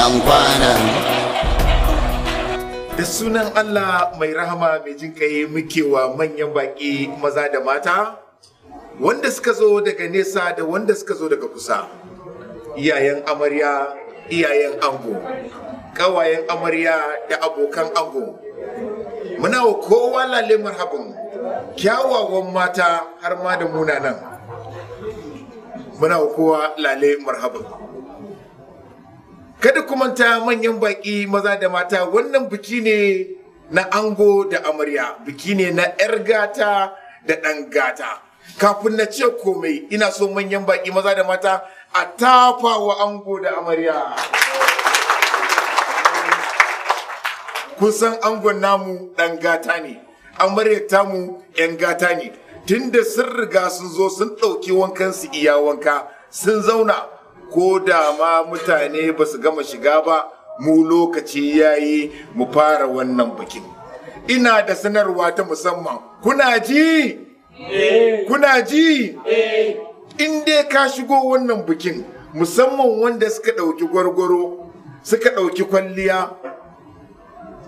kwana da sunan Allah mai rahama mai jin kai muke wa manyan baƙi maza da mata wanda suka zo daga nesa da wanda suka zo daga kusa iyayen amarya iyayen ango ƙawayen amarya da abokan ango muna wa kowa lalle marhaban kyawawan mata har ma da munanan muna wa kowa lalle marhaban kada ku manta manyan baƙi maza da mata wannan biki ne na ango da amarya biki ne na 'yar gata da ɗan gata kafin na ce komai ina so manyan baƙi maza da mata a tafa wa ango da amarya kusan san angon namu ɗan gata ne amaryar tamu 'yan gata ne tunda sun riga sun zo sun ɗauki wankan su iya wanka sun zauna ko da ma mutane ba su gama shiga ba mu lokaci ya yi mu fara wannan bikin ina da sanarwa ta musamman kuna ji eh. kuna ji eh. in dai ka shigo wannan bikin musamman wanda suka ɗauki gwargwaro suka ɗauki kwalliya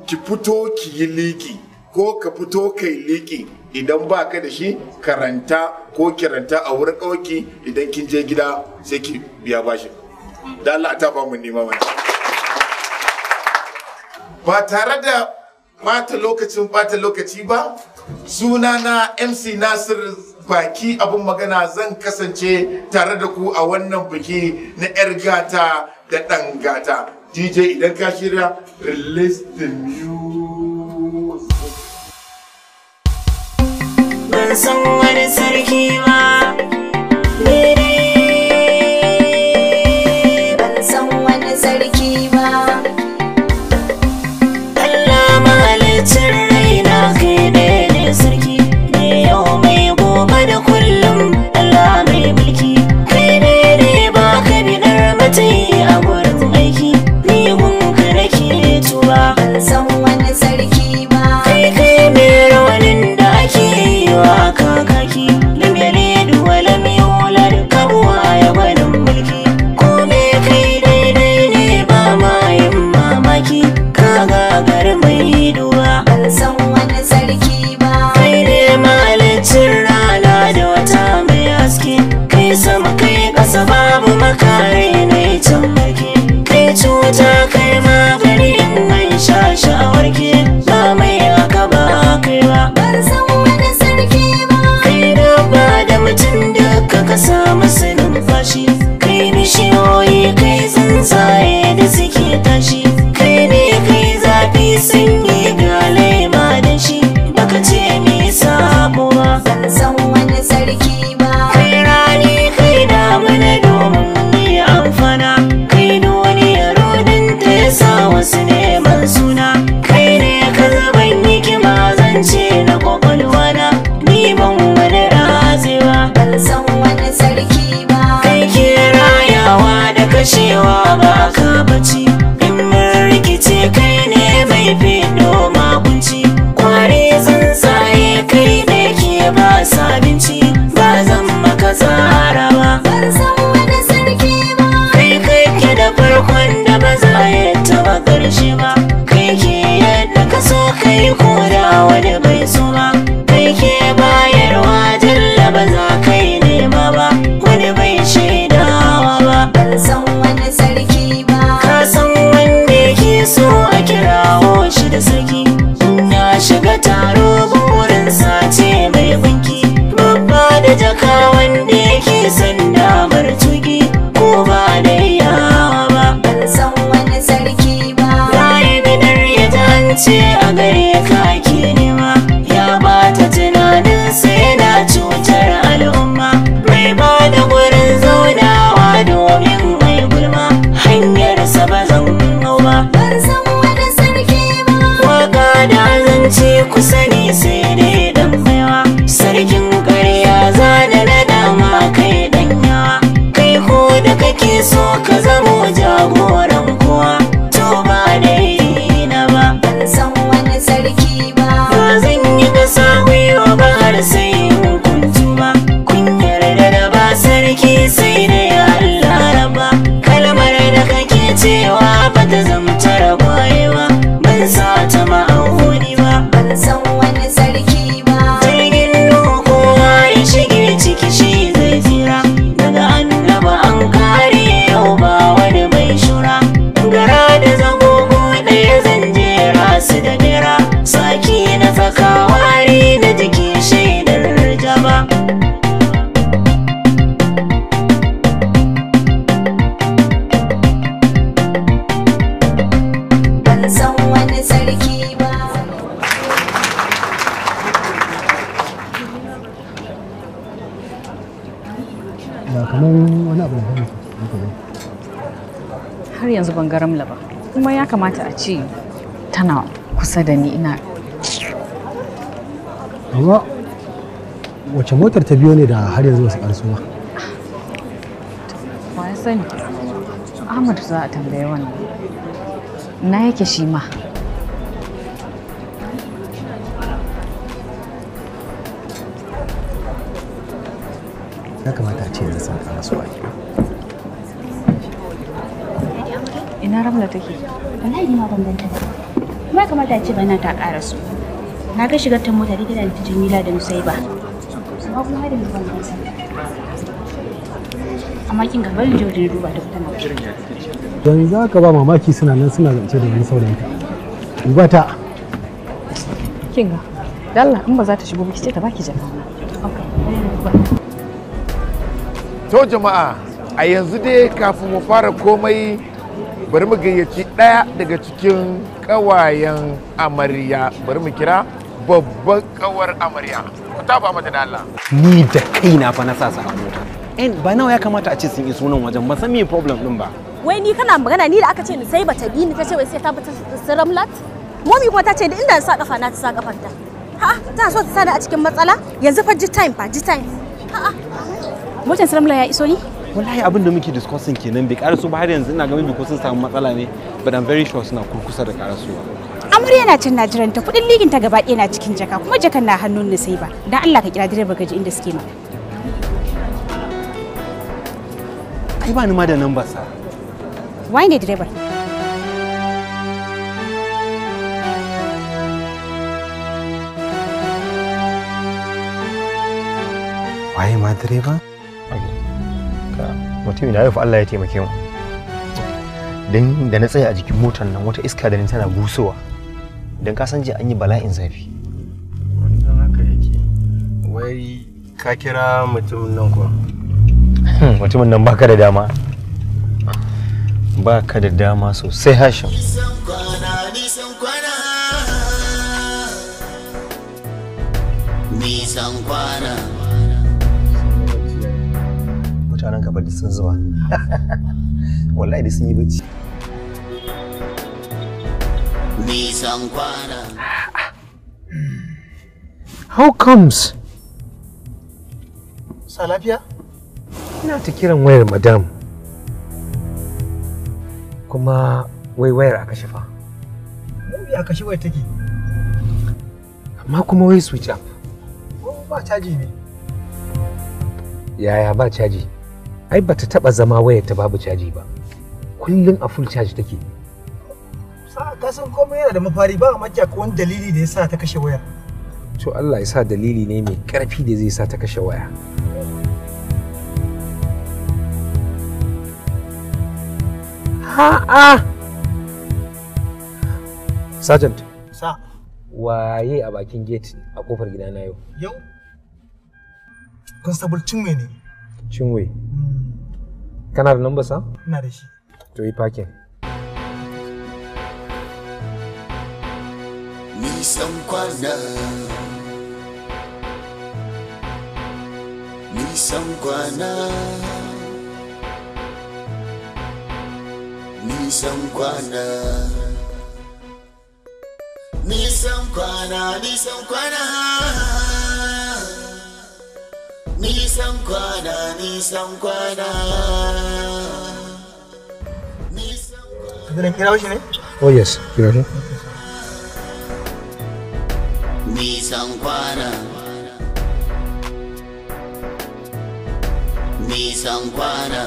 ki fito ki yi liki ko ka fito kai liki idan ba ka da shi karanta ko kiranta a wurin ɗauki idan kin je gida sai ki biya bashi da Allah ta ba mu nema ba tare da bata lokacin bata lokaci ba suna na mc nasir baki abin magana zan kasance tare da ku a wannan biki na 'yar da ɗan dj idan ka shirya release the music ban san wani sarki ba wani sarki ba Allah mahalicin raina kai ne ne sarki ne yau mai gobe da kullum Allah mai mulki kai ne ne ba ka bidar matai a gurin aiki ni gunka nake tuba ban san ce a gare ka ake nema ya bata tunanin sai yana cutar al'umma bai ba da gurin zaunawa domin mai gulma hanyarsa ba zan hau ba Bar san wani sarki ba waka da zance kusa ne sai dai dan baiwa sarkin ƙarya zana na dama kai yawa. kai ko da kake so ka har yanzu ban garamla ba kuma ya kamata a ce tana kusa da ni ina amma wace motar ta biyo ne da har yanzu wasu karsu ba ba ya sani ahmad za a tambaye wannan na yake shi ma ya kamata a ce yanzu sun karsu ba ina ramla take wallahi ni ma ban ganta ba kuma kamata ce bana ta ƙara su na ga shigar ta mota da gidan ta Jamila da Musaiba amma kuma hadin yanzu ban ganta amma kin ga bari jojin ruba da kuma don za ka ba mamaki suna nan suna zance da wani ka duba ta kin ga dalla in ba za ta shigo ba ki ce ta baki jaka to jama'a a yanzu dai kafin mu fara komai bari mu gayyaci ɗaya daga cikin ƙawayen amarya bari mu kira babban ƙawar amarya ku tafa mata da Allah ni da kaina fa na sa su a mota en ba nawa ya kamata a ce sun yi sunan wajen ba san me problem din ba wai ni kana magana ni da aka ce ni sai bata bi ni ta ce wai sai ta bata siramlat momi kuma ta ce da inda sa kafa na ta sa kafar ta ha ta so ta sani a cikin matsala yanzu fa ji time fa ji time ha motan siramlat ya iso ni wallahi abin da muke discussing kenan bai karasu ba har yanzu ina ga ko sun samu matsala ne but i'm very sure suna kurkusa da karasuwa amarya na can najiran ta kudin ligin ta gaba ɗaya na cikin jaka kuma jakan na hannun ni sai ba dan Allah ka kira direba gaji inda suke ma ai ba ni ma da number sa why ne direban Why am I mutum na rufe Allah ya taimake mu don da na tsaya a jikin motar nan wata iska da ni tana gusowa don ka san je an yi bala'in zafi wannan haka yake wai ka kira mutumin nan ko hmm, mutumin nan baka da dama baka da dama sosai hashin nisan kwana gaba da sun zuwa wallahi da sun yi bacci kwana how comes sa lafiya ina ta kiran wayar madam kuma wai wayar aka shafa ya kashe wayar take amma kuma wai switch up oh, ba caji ne yaya ba caji ai bata taba zama wayar ta babu caji ba kullun a full charge take ka san komai yana da mafari ba makiya ko wani dalili da yasa ta kashe waya. to Allah ya sa dalili ne mai karfi da zai sa ta kashe waya ha'a sergeant sa waye a bakin gate a kofar gidana yau yau constable chinwe ne chinwe kana da number sa ina da shi to yi parking nisan kwana nisan kwana nisan kwana nisan kwana nisan kwana nisan kwana nisan kwana Zan kira ne? Oh yes, kira Nisan kwana Nisan kwana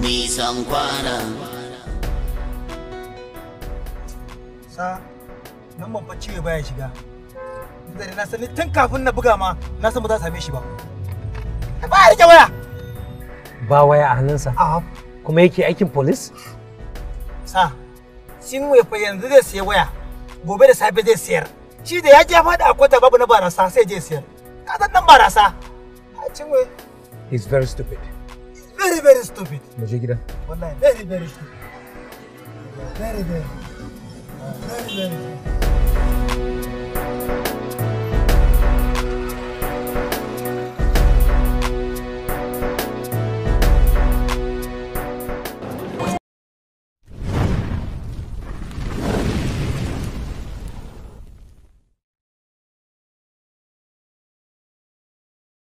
Nisan kwana Sa, baya shiga. dare na sani tun kafin na buga ma na san ba za same shi ba ba ya rike waya ba waya a hannunsa kuma yake aikin police sa sin fa yanzu zai sayi waya gobe da safe zai sayar shi da ya je faɗi a kwata babu na barasa sai je sayar ka san nan barasa a cinwe he's very stupid he's very very stupid mu je gida wallahi very very stupid very very very very